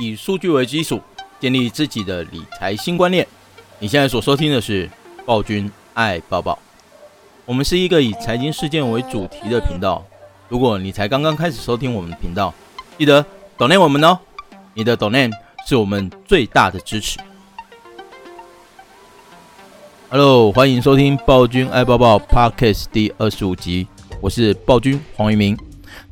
以數據為基礎，建立自己的理財新觀念。你現在所收聽的是《暴君愛抱抱》，我們是一個以財經事件為主題的頻道。如果你才剛剛開始收聽我們的頻道，記得 Donate 我們哦，你的 Donate 是我們最大的支持。Hello，歡迎收聽《暴君愛抱抱》Podcast 第二十五集，我是暴君黃玉明。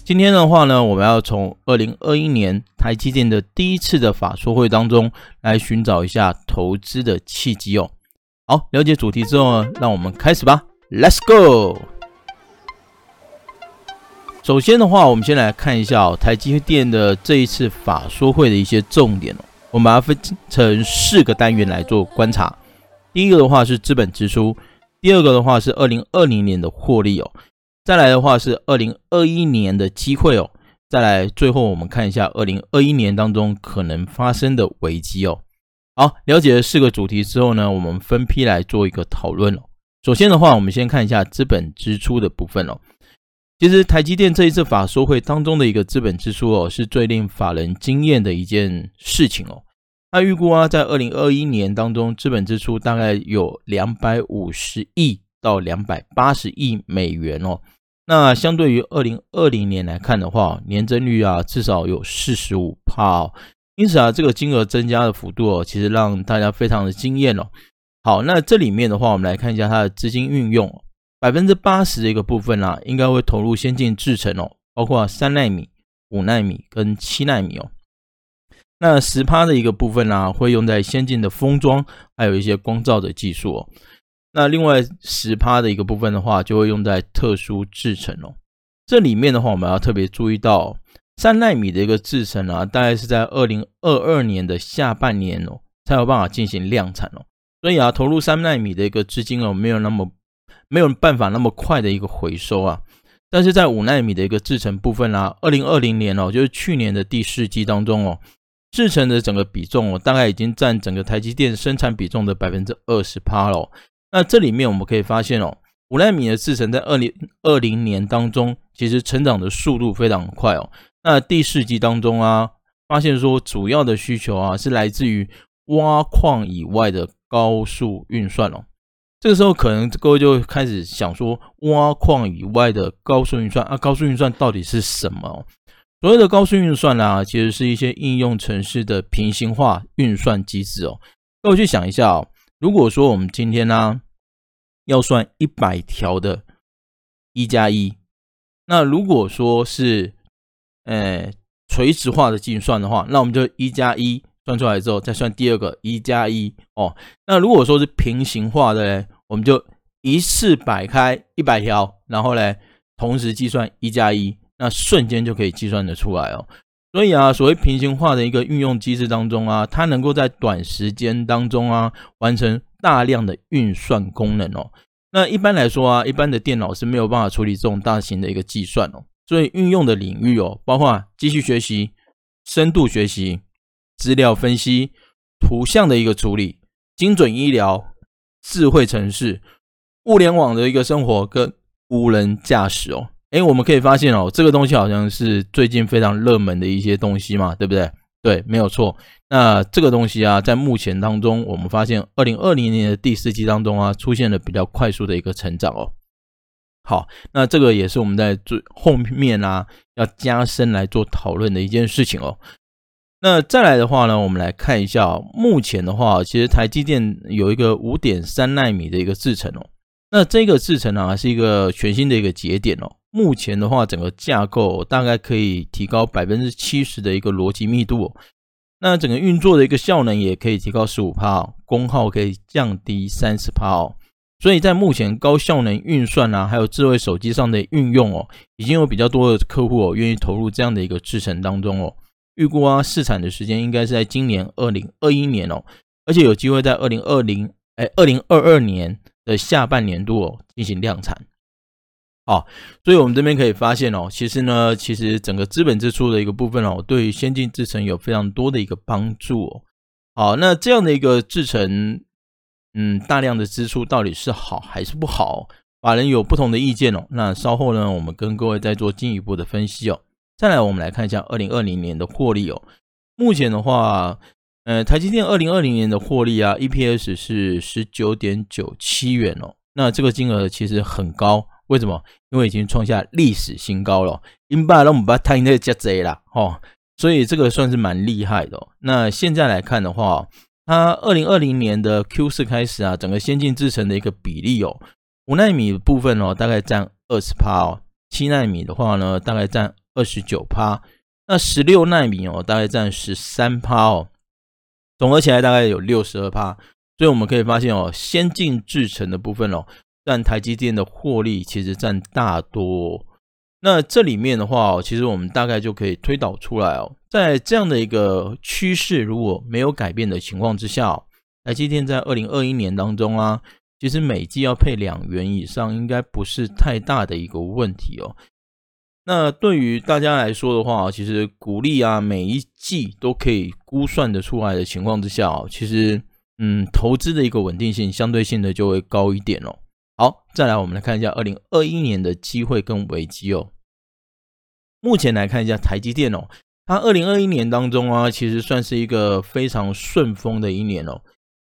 今天的話呢，我們要從二零二一年台積電的第一次的法說會當中來尋找一下投資的契機哦。好，了解主題之後呢，讓我們開始吧，Let's go。首先的話，我們先來看一下哦，台積電的這一次法說會的一些重點哦。我們把它分成四個單元來做觀察。第一個的話是資本支出，第二個的話是二零二零年的獲利哦。再來的話是二零二一年的機會哦。再來，最後我們看一下二零二一年當中可能發生的危機哦。好，了解了四個主題之後呢，我們分批來做一個討論哦。首先的話，我們先看一下資本支出的部分哦。其實台積電這一次法說會當中的一個資本支出哦，是最令法人驚艷的一件事情哦。它預估啊，在二零二一年當中資本支出大概有兩百五十億到兩百八十億美元哦。那相對於二零二零年來看的話，年增率啊至少有四十五趴，因此啊這個金額增加的幅度哦，其實讓大家非常的驚艷哦。好，那這裡面的話，我們來看一下它的資金運用，百分之八十的一個部分呢、啊，應該會投入先進製程哦，包括三奈米、五奈米跟七奈米哦。那十趴的一個部分呢、啊，會用在先進的封裝，還有一些光罩的技術哦。那另外十趴的一個部分的話，就會用在特殊製程哦。這裡面的話，我們要特別注意到三奈米的一個製程啊，大概是在二零二二年的下半年哦，才有辦法進行量產哦。所以啊，投入三奈米的一個資金哦，沒有那麼沒有辦法那麼快的一個回收啊。但是在五奈米的一個製程部分啦，二零二零年哦，就是去年的第四季當中哦，製程的整個比重哦，大概已經占整個台積電生產比重的百分之二十趴嘍。咯。那這裡面我們可以發現哦，五納米的製程在二零二零年當中，其實成長的速度非常快哦。那第四季當中啊，發現說主要的需求啊是來自於挖礦以外的高速運算哦。這個時候可能各位就會開始想說，挖礦以外的高速運算啊，高速運算到底是什麼？所謂的高速運算呢、啊，其實是一些應用程式的平行化運算機制哦。各位去想一下哦。如果說我們今天呢、啊，要算一百條的，一加一，那如果說是，哎，垂直化的計算的話，那我們就一加一算出來之後，再算第二個一加一哦。那如果說是平行化的嘞，我們就一次擺開一百條，然後嘞，同時計算一加一，那瞬間就可以計算得出來哦。所以啊，所謂平行化的一個運用機制當中啊，它能夠在短時間當中啊，完成大量的運算功能哦。那一般來說啊，一般的電腦是沒有辦法處理這種大型的一個計算哦。所以運用的領域哦，包括機器學習、深度學習、資料分析、圖像的一個處理、精準醫療、智慧城市、物聯網的一個生活跟無人駕駛哦。誒，我們可以發現哦，這個東西好像是最近非常熱門的一些東西嘛，對不對？對，沒有錯。那這個東西啊，在目前當中，我們發現二零二零年的第四季當中啊，出現了比較快速的一個成長哦。好，那這個也是我們在最後面啊，要加深來做討論的一件事情哦。那再來的話呢，我們來看一下哦，目前的話，其實台積電有一個五點三奈米的一個製程哦。那這個制程啊，是一個全新的一個節點哦。目前的話，整個架構大概可以提高百分之七十的一個邏輯密度哦。那整個運作的一個效能也可以提高十五帕哦，功耗可以降低三十帕哦。所以在目前高效能運算啊，還有智慧手機上的運用哦，已經有比較多的客戶哦，願意投入這樣的一個制程當中哦。預估啊，試產的時間應該是在今年二零二一年哦，而且有機會在二零二零哎二零二二年。的下半年度哦，進行量產哦，所以，我們這邊可以發現哦，其實呢，其實整個資本支出的一個部分哦，對於先進製程有非常多的一個幫助哦。好，那這樣的一個製程，嗯，大量的支出到底是好還是不好？法人有不同的意見哦。那稍後呢，我們跟各位再做進一步的分析哦。再來，我們來看一下二零二零年的獲利哦。目前的話。呃，台積電二零二零年的獲利啊，EPS 是十九點九七元哦。那這個金額其實很高，為什麼？因為已經創下歷史新高了。In bar 讓我們把台哦，所以這個算是蠻厲害的哦。那現在來看的話，它二零二零年的 Q 四開始啊，整個先進製程的一個比例哦，五奈米的部分哦，大概占二十趴哦，七奈米的話呢，大概占二十九趴，那十六奈米哦，大概占十三趴哦，總合起來大概有六十二趴，所以我們可以發現哦，先進製程的部分哦，占台積電的獲利其實占大多哦。那這裡面的話哦，其實我們大概就可以推導出來哦，在這樣的一個趨勢如果沒有改變的情況之下哦，台積電在二零二一年當中啊，其實每季要配兩元以上，應該不是太大的一個問題哦。那對於大家來說的話，其實股利啊，每一季都可以估算得出來的情況之下，其實嗯，投資的一個穩定性相對性的就會高一點哦。好，再來我們來看一下二零二一年的機會跟危機哦。目前來看一下台積電哦，它二零二一年當中啊，其實算是一個非常順風的一年哦。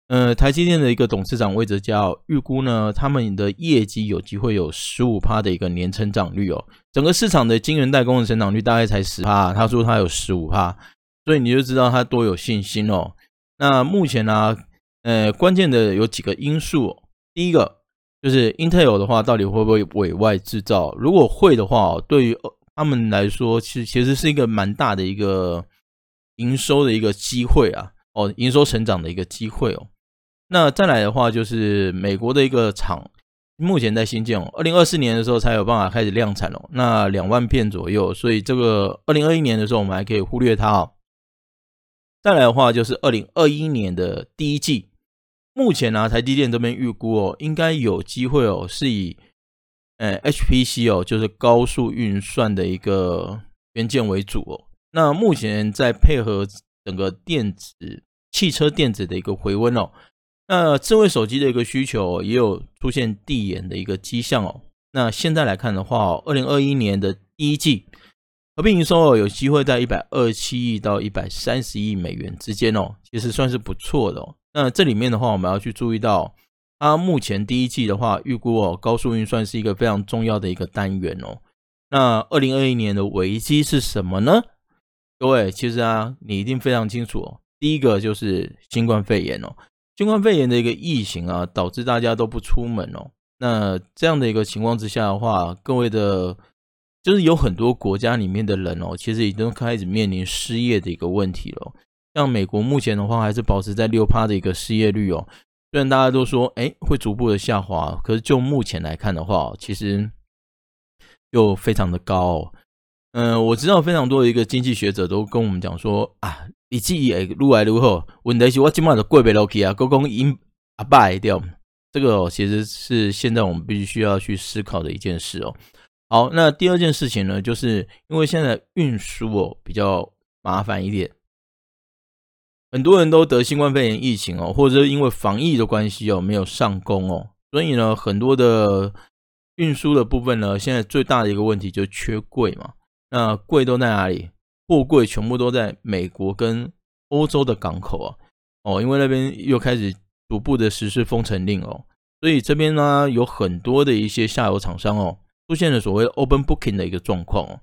呃，台積電的一個董事長魏哲家、哦、預估呢，他們的業績有機會有十五趴的一個年成長率哦。整個市場的晶圓代工的成長率大概才十帕，他說他有十五帕，所以你就知道他多有信心哦。那目前呢、啊，呃，關鍵的有幾個因素，第一個就是 Intel 的話，到底會不會委外製造？如果會的話，對於他們來說，其實其實是一個蠻大的一個營收的一個機會啊，哦，營收成長的一個機會哦。那再來的話，就是美國的一個廠。目前在新建哦，二零二四年的時候才有辦法開始量產哦，那兩萬片左右，所以這個二零二一年的時候我們還可以忽略它哦。再來的話就是二零二一年的第一季，目前呢、啊、台積電這邊預估哦，應該有機會哦，是以，哎，HPC 哦，就是高速運算的一個元件為主哦。那目前在配合整個電子，汽車電子的一個回溫哦。那智慧手機的一個需求、哦、也有出現遞延的一個跡象哦。那現在來看的話、哦，二零二一年的第一季合併營收哦，有機會在一百二十七億到一百三十億美元之間哦，其實算是不錯的哦。那這裡面的話，我們要去注意到、哦，它目前第一季的話，預估哦，高速運算是一個非常重要的一個單元哦。那二零二一年的危機是什麼呢？各位，其實啊，你一定非常清楚，哦，第一個就是新冠肺炎哦。新冠肺炎的一個疫情啊，導致大家都不出門哦。那這樣的一個情況之下的話，各位的，就是有很多國家裡面的人哦，其實已經開始面臨失業的一個問題了。像美國目前的話，還是保持在六趴的一個失業率哦。雖然大家都說，欸，會逐步的下滑，可是就目前來看的話，其實又非常的高哦。嗯，呃，我知道非常多的一個經濟學者都跟我們講說啊。以及也越來越好，問題是我今麥的過不下去了去啊，國公經阿敗掉，這個、哦、其實是現在我們必須要去思考的一件事哦。好，那第二件事情呢，就是因為現在運輸哦比較麻煩一點，很多人都得新冠肺炎疫情哦，或者是因為防疫的關係哦，沒有上工哦，所以呢，很多的運輸的部分呢，現在最大的一個問題就是缺櫃嘛。那櫃都在哪裡？貨櫃全部都在美國跟歐洲的港口啊，哦，因為那邊又開始逐步的實施封城令哦，所以這邊呢、啊、有很多的一些下游廠商哦，出現了所謂 open booking 的一個狀況哦。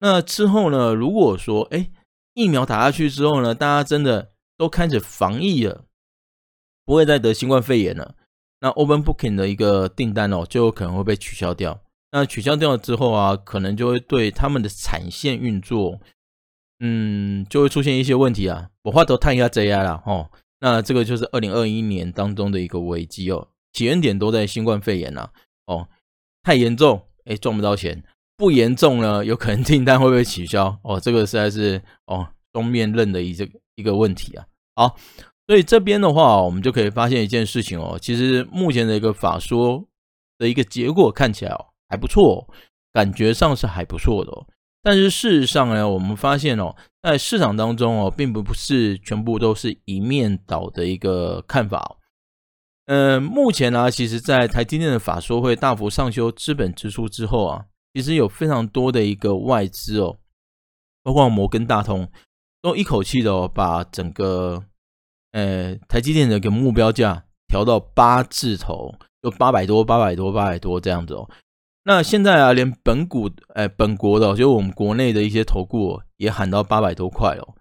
那之後呢，如果說哎、欸、疫苗打下去之後呢，大家真的都開始防疫了，不會再得新冠肺炎了，那 open booking 的一個訂單哦，就可能會被取消掉。那取消掉了之後啊，可能就會對他們的產線運作，嗯，就會出現一些問題啊。我話頭探一下 ZI 啦哦。那這個就是二零二一年當中的一個危機哦，起源點都在新冠肺炎吶、啊、哦。太嚴重，哎、欸，賺不到錢；不嚴重呢，有可能訂單會不會取消哦？這個實在是哦，雙面刃的一這一個問題啊。好，所以這邊的話，我們就可以發現一件事情哦，其實目前的一個法說的一個結果看起來哦。還不錯，感覺上是還不錯的、哦。但是事實上呢，我們發現哦，在市場當中哦，並不是全部都是一面倒的一個看法、哦。嗯、呃，目前呢、啊，其實，在台積電的法說會大幅上修資本支出之後啊，其實有非常多的一個外資哦，包括摩根大通，都一口氣的、哦、把整個呃台積電的一個目標價調到八字頭，就八百多、八百多、八百多這樣子哦。那現在啊，連本股、哎，本國的，就是我們國內的一些投顧也喊到八百多塊哦。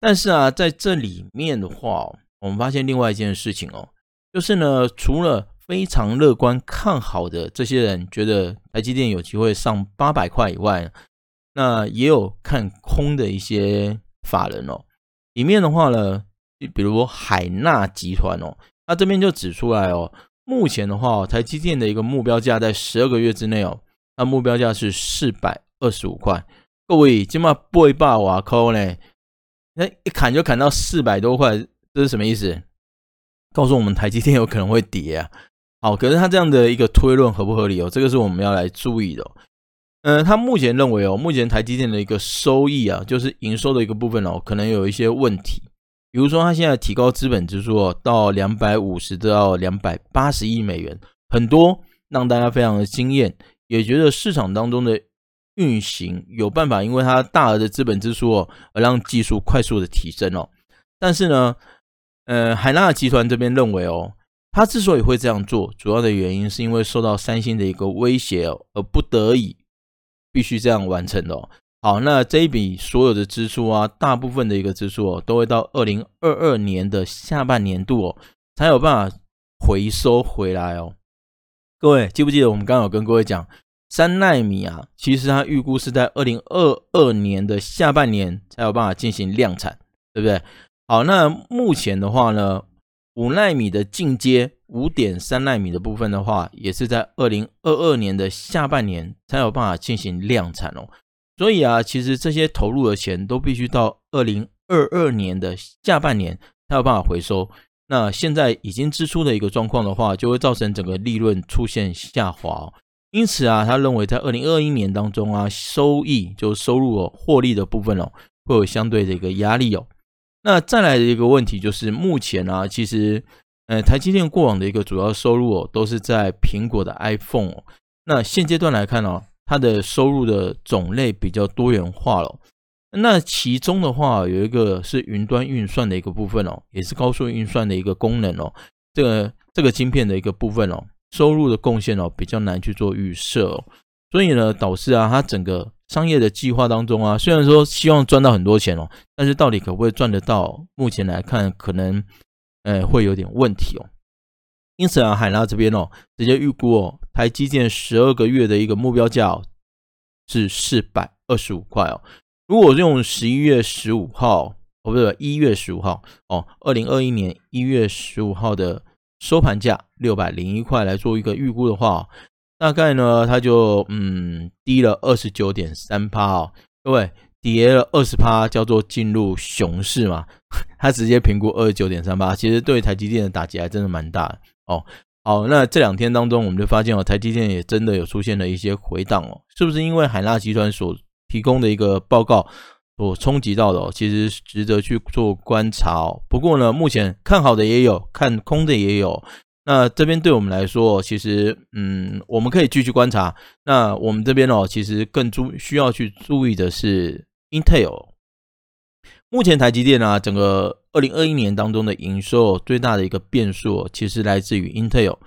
但是啊，在這裡面的話，我們發現另外一件事情哦，就是呢，除了非常樂觀看好的這些人覺得台積電有機會上八百塊以外，那也有看空的一些法人哦。裡面的話呢，比如說海納集團哦，他這邊就指出來哦。目前的話，台積電的一個目標價在十二個月之內哦，它目標價是四百二十五塊。各位今嘛不會把瓦摳呢，那一砍就砍到四百多塊，這是什麼意思？告訴我們台積電有可能會跌啊。好，可是他這樣的一個推論合不合理哦，這個是我們要來注意的、哦。嗯、呃，他目前認為哦，目前台積電的一個收益啊，就是營收的一個部分哦，可能有一些問題。比如說，他現在提高資本支出到兩百五十到兩百八十億美元，很多讓大家非常的驚艷，也覺得市場當中的運行有辦法，因為他大額的資本支出哦，而讓技術快速的提升哦。但是呢，呃，海納集團這邊認為哦，他之所以會這樣做，主要的原因是因為受到三星的一個威脅哦，而不得已必須這樣完成的哦。好，那這一筆所有的支出啊，大部分的一個支出哦、啊，都會到二零二二年的下半年度哦，才有辦法回收回來哦。各位記不記得我們剛剛有跟各位講，三奈米啊，其實它預估是在二零二二年的下半年才有辦法進行量產，對不對？好，那目前的話呢，五奈米的進階，五點三奈米的部分的話，也是在二零二二年的下半年才有辦法進行量產哦。所以啊，其實這些投入的錢都必須到二零二二年的下半年才有辦法回收。那現在已經支出的一個狀況的話，就會造成整個利潤出現下滑哦。因此啊，他認為在二零二一年當中啊，收益就收入哦，獲利的部分哦，會有相對的一個壓力哦。那再來的一個問題就是，目前呢、啊，其實呃，台積電過往的一個主要收入哦，都是在蘋果的 iPhone 哦。那現階段來看哦。它的收入的種類比較多元化了，那其中的話有一個是雲端運算的一個部分哦，也是高速運算的一個功能哦，這個這個晶片的一個部分哦，收入的貢獻哦，比較難去做預設哦，所以呢，導致啊，他整個商業的計劃當中啊，雖然說希望賺到很多錢哦，但是到底可不可以賺得到？目前來看，可能哎會有點問題哦。因此啊，海納這邊哦，直接預估哦，台積電十二個月的一個目標價哦，是四百二十五塊哦。如果用十一月十五號哦，不是一月十五號哦，二零二一年一月十五號的收盤價六百零一塊來做一個預估的話哦，大概呢，它就嗯低了二十九點三八哦。各位跌了二十趴，叫做進入熊市嘛。它直接評估二十九點三八，其實對台積電的打擊還真的蠻大的。哦，好，那這兩天當中，我們就發現哦，台積電也真的有出現了一些回檔哦，是不是因為海納集團所提供的一個報告，所衝擊到的哦，其實值得去做觀察哦。不過呢，目前看好的也有，看空的也有。那這邊對我們來說，其實嗯，我們可以繼續觀察。那我們這邊哦，其實更注需要去注意的是 Intel。目前台積電啊，整個二零二一年當中的營收最大的一個變數，其實來自於英特爾。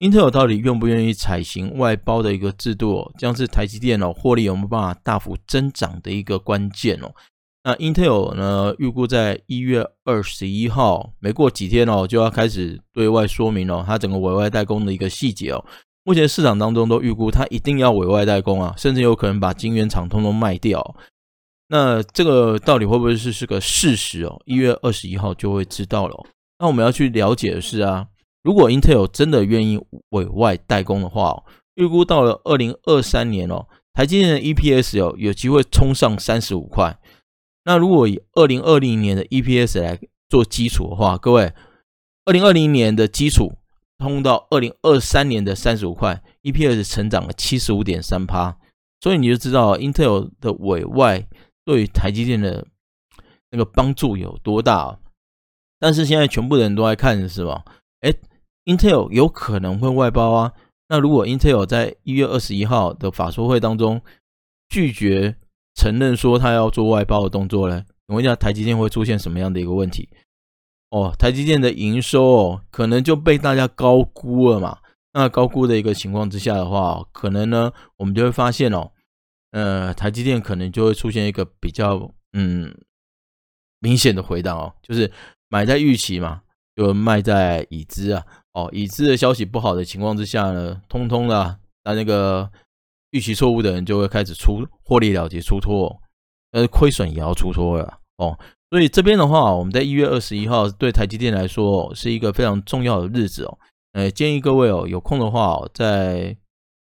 英特爾到底願不願意採行外包的一個制度，將是台積電哦，獲利有沒有辦法大幅增長的一個關鍵哦。那英特爾呢，預估在一月二十一號，沒過幾天哦，就要開始對外說明哦，它整個委外代工的一個細節哦。目前市場當中都預估它一定要委外代工啊，甚至有可能把晶圓廠通通賣掉。那這個到底會不會是是個事實哦？一月二十一號就會知道了哦。那我們要去了解的是啊，如果 Intel 真的願意委外代工的話哦，預估到了二零二三年哦，台積電的 EPS 有有機會衝上三十五塊。那如果以二零二零年的 EPS 來做基礎的話，各位，二零二零年的基礎通到二零二三年的三十五塊，EPS 成長了七十五點三趴。所以你就知道 Intel 的委外。對於台積電的那個幫助有多大？但是現在全部的人都在看，是吧？誒，Intel 有可能會外包啊。那如果 Intel 在一月二十一號的法說會當中拒絕承認說他要做外包的動作呢？我問一下，台積電會出現什麼樣的一個問題？哦，台積電的營收哦，可能就被大家高估了嘛。那高估的一個情況之下的話，可能呢，我們就會發現哦。呃，台積電可能就會出現一個比較嗯明顯的回檔哦，就是買在預期嘛，就賣在已知啊，哦，已知的消息不好的情況之下呢，通通啦、啊，那那個預期錯誤的人就會開始出獲利了結出脫，但是虧損也要出脫了哦，所以這邊的話，我們在一月二十一號對台積電來說是一個非常重要的日子哦，呃，建議各位哦，有空的話哦，在。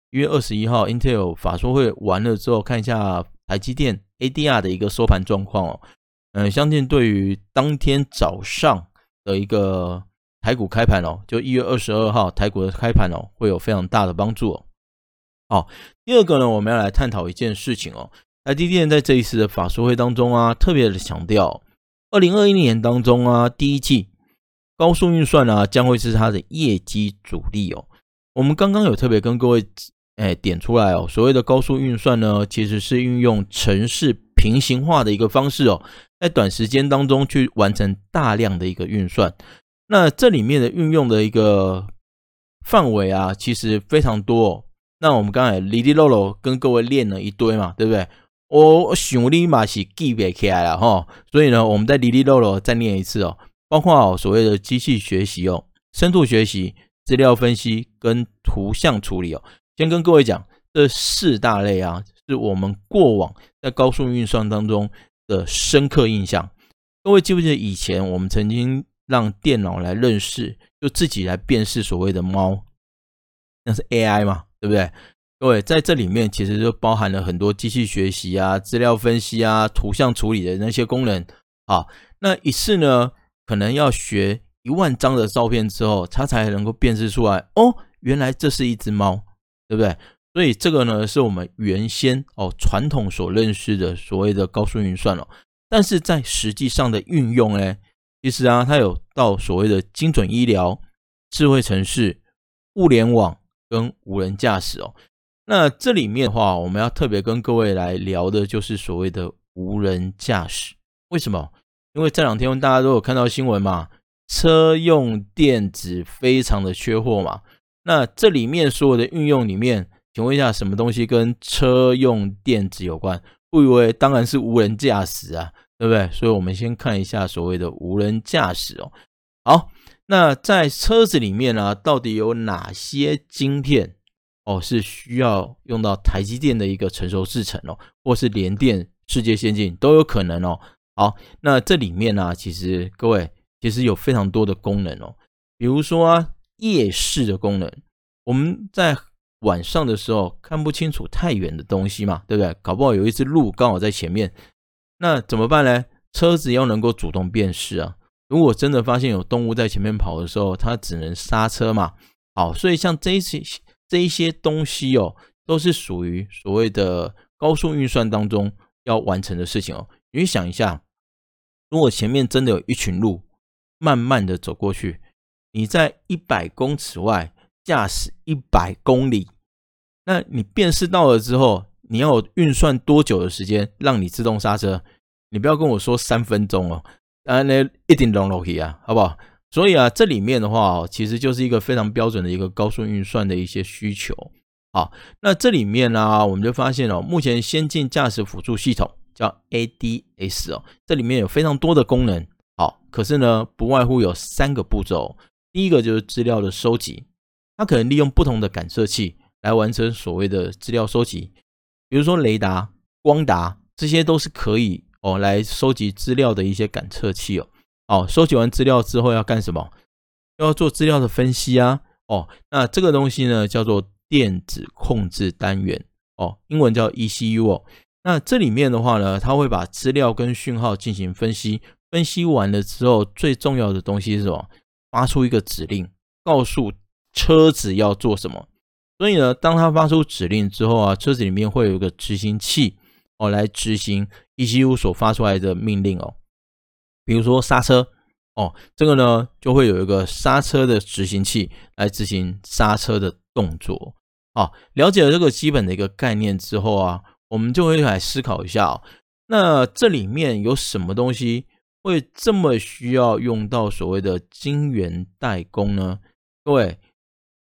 一月二十一號，Intel 法說會完了之後，看一下台積電 ADR 的一個收盤狀況哦。嗯，相信對於當天早上的一個台股開盤哦，就一月二十二號台股的開盤哦，會有非常大的幫助哦。好，第二個呢，我們要來探討一件事情哦。台積電在這一次的法說會當中啊，特別的強調，二零二一年當中啊，第一季高速運算啊，將會是它的業績主力哦。我們剛剛有特別跟各位。哎，點出來哦！所謂的高速運算呢，其實是運用程式平行化的一個方式哦，在短時間當中去完成大量的一個運算。那這裡面的運用的一個範圍啊，其實非常多哦。那我們剛才 Lily Lolo 跟各位練了一堆嘛，對不對？我想立馬是記不起來了哈，所以呢，我們在 Lily Lolo 再練一次哦，包括哦，所謂的機器學習哦、深度學習、資料分析跟圖像處理哦。先跟各位講，這四大類啊，是我們過往在高速運算當中的深刻印象。各位記不記得以前我們曾經讓電腦來認識，就自己來辨識所謂的貓，那是 AI 嘛，對不對？各位，在這裡面其實就包含了很多機器學習啊、資料分析啊、圖像處理的那些功能啊。那一次呢，可能要學一萬張的照片之後，它才能夠辨識出來哦，原來這是一隻貓。對不對？所以這個呢，是我們原先哦傳統所認識的所謂的高速運算了、哦。但是在實際上的運用呢，其實啊，它有到所謂的精準醫療、智慧城市、物聯網跟無人駕駛哦。那這裡面的話，我們要特別跟各位來聊的就是所謂的無人駕駛。為什麼？因為這兩天大家都有看到新聞嘛，車用電子非常的缺貨嘛。那這裡面所有的運用裡面，請問一下，什麼東西跟車用電子有關？不以為當然是無人駕駛啊，對不對？所以我們先看一下所謂的無人駕駛哦。好，那在車子裡面呢、啊，到底有哪些晶片哦是需要用到台積電的一個成熟製程哦，或是聯電世界先進都有可能哦。好，那這裡面呢、啊，其實各位其實有非常多的功能哦，比如說啊。夜視的功能，我們在晚上的時候看不清楚太遠的東西嘛，對不對？搞不好有一隻鹿剛好在前面，那怎麼辦呢？車子要能夠主動辨識啊。如果真的發現有動物在前面跑的時候，它只能剎車嘛。好，所以像這些這一些東西哦，都是屬於所謂的高速運算當中要完成的事情哦。你想一下，如果前面真的有一群鹿，慢慢的走過去。你在一百公尺外駕駛一百公里，那你辨識到了之後，你要有運算多久的時間讓你自動剎車？你不要跟我說三分鐘哦，當然呢，一定 wrong logic 啊，好不好？所以啊，這裡面的話哦，其實就是一個非常標準的一個高速運算的一些需求。好，那這裡面呢、啊，我們就發現哦，目前先進駕駛輔助系統叫 ADS 哦，這裡面有非常多的功能，好，可是呢，不外乎有三個步驟。第一個就是資料的收集，它可能利用不同的感測器來完成所謂的資料收集，比如說雷達、光達，這些都是可以哦來收集資料的一些感測器哦。哦，收集完資料之後要幹什麼？要做資料的分析啊。哦，那這個東西呢叫做電子控制單元哦，英文叫 ECU 哦。那這裡面的話呢，它會把資料跟訊號進行分析，分析完了之後最重要的東西是什麼？發出一個指令，告訴車子要做什麼。所以呢，當它發出指令之後啊，車子裡面會有一個執行器哦，來執行 ECU 所發出來的命令哦。比如說剎車哦，這個呢就會有一個剎車的執行器來執行剎車的動作。啊、哦，了解了這個基本的一個概念之後啊，我們就會來思考一下哦，那這裡面有什麼東西？會這麼需要用到所謂的晶圓代工呢？各位，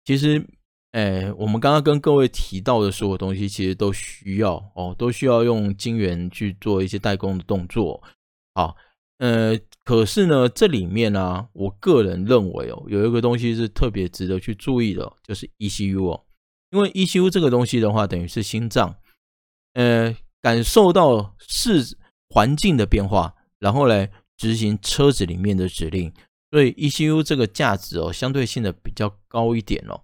其實，誒、哎，我們剛剛跟各位提到的所有東西，其實都需要哦，都需要用晶圓去做一些代工的動作。好，呃，可是呢，這裡面呢、啊，我個人認為哦，有一個東西是特別值得去注意的，就是 ECU 哦，因為 ECU 這個東西的話，等於是心臟，呃，感受到是環境的變化，然後嘞。執行車子裡面的指令，所以 E C U 這個價值哦，相對性的比較高一點哦。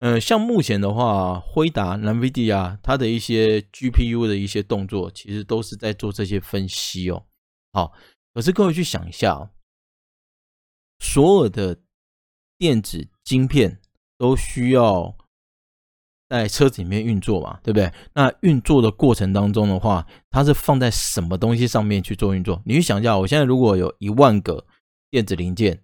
嗯、呃，像目前的話，輝達、NVIDIA 啊，它的一些 G P U 的一些動作，其實都是在做這些分析哦。好，可是各位去想一下哦，所有的電子晶片都需要。在車子裡面運作嘛，對不對？那運作的過程當中的話，它是放在什麼東西上面去做運作？你去想一下，我現在如果有一萬個電子零件，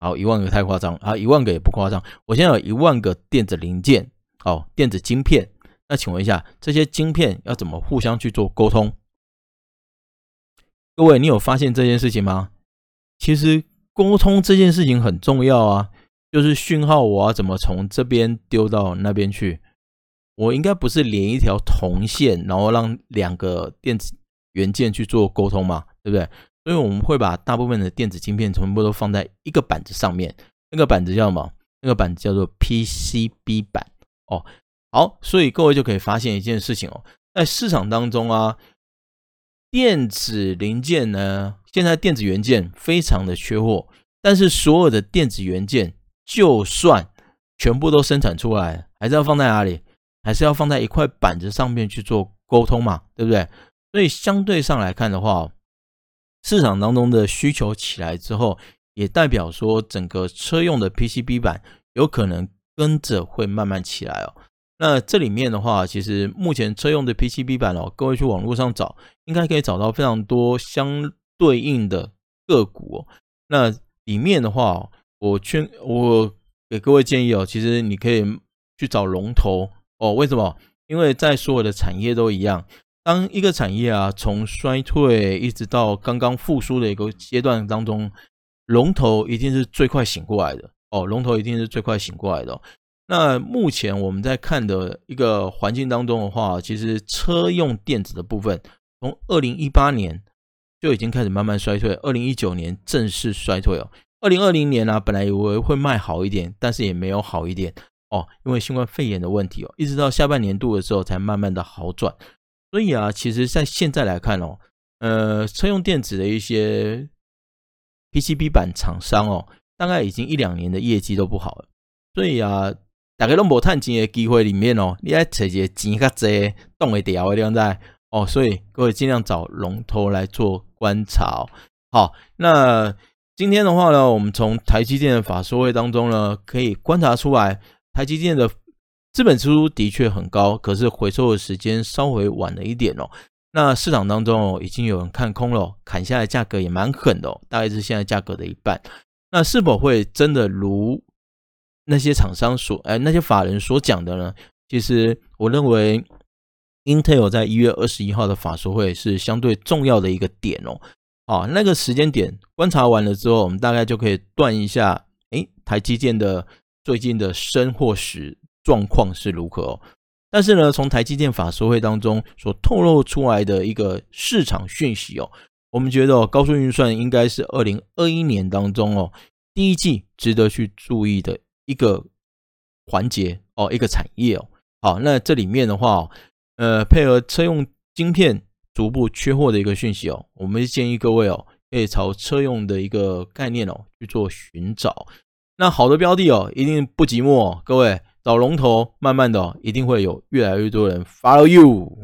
好，一萬個太誇張啊，一萬個也不誇張。我現在有一萬個電子零件，好，電子晶片。那請問一下，這些晶片要怎麼互相去做溝通？各位，你有發現這件事情嗎？其實溝通這件事情很重要啊。就是訊號，我要怎麼從這邊丟到那邊去？我應該不是連一條銅線，然後讓兩個電子元件去做溝通嘛，對不對？所以我們會把大部分的電子晶片全部都放在一個板子上面。那個板子叫什麼？那個板子叫做 PCB 板哦。好，所以各位就可以發現一件事情哦，在市場當中啊，電子零件呢，現在電子元件非常的缺貨，但是所有的電子元件。就算全部都生產出來，還是要放在哪裡？還是要放在一塊板子上面去做溝通嘛，對不對？所以相對上來看的話，市場當中的需求起來之後，也代表說整個車用的 PCB 板有可能跟着會慢慢起來哦。那這裡面的話，其實目前車用的 PCB 板哦，各位去網絡上找，應該可以找到非常多相對應的個股哦。那裡面的話哦，我勸我給各位建議哦，其實你可以去找龍頭哦。為什麼？因為在所有的產業都一樣，當一個產業啊從衰退一直到剛剛復甦的一個階段當中，龍頭一定是最快醒過來的哦。龍頭一定是最快醒過來的哦。那目前我們在看的一個環境當中的話，其實車用電子的部分，從二零一八年就已經開始慢慢衰退，二零一九年正式衰退哦。二零二零年呢，啊，本來以為會賣好一點，但是也沒有好一點哦，因為新冠肺炎的問題哦，一直到下半年度的時候才慢慢的好轉。所以啊，其實在現在來看哦，呃，車用電子的一些 PCB 板廠商哦，大概已經一兩年的業績都不好了。所以啊，大家都沒有賺錢的機會裡面哦，你愛揣一個錢較濟，動一掉的靚仔。哦，所以各位盡量找龍頭來做觀察哦。好，那。今天的話呢，我們從台積電的法說會當中呢，可以觀察出來，台積電的資本支出的確很高，可是回收的時間稍微晚了一點哦。那市場當中已經有人看空了，砍下來價格也蠻狠的，大概是現在價格的一半。那是否會真的如那些廠商所，誒、哎、那些法人所講的呢？其實我認為，Intel 在一月二十一號的法說會是相對重要的一個點哦。啊，那個時間點觀察完了之後，我們大概就可以斷一下，誒、欸，台積電的最近的生或死狀況是如何？哦，但是呢，從台積電法說會當中所透露出來的一個市場訊息哦，我們覺得高速運算應該是二零二一年當中哦第一季值得去注意的一個環節哦，一個產業哦。好，那這裡面的話、哦，呃，配合車用晶片。逐步缺貨的一個訊息哦，我們建議各位哦，可以朝車用的一個概念哦去做尋找。那好的標的哦，一定不寂寞哦，各位找龍頭，慢慢的哦，一定會有越來越多人 follow you。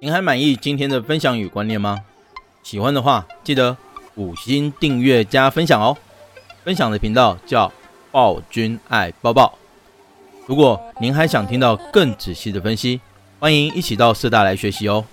您還滿意今天的分享與觀念嗎？喜歡的話，記得五星訂閱加分享哦。分享的頻道叫暴君愛抱抱。如果您還想聽到更仔細的分析。歡迎一起到社大來學習哦。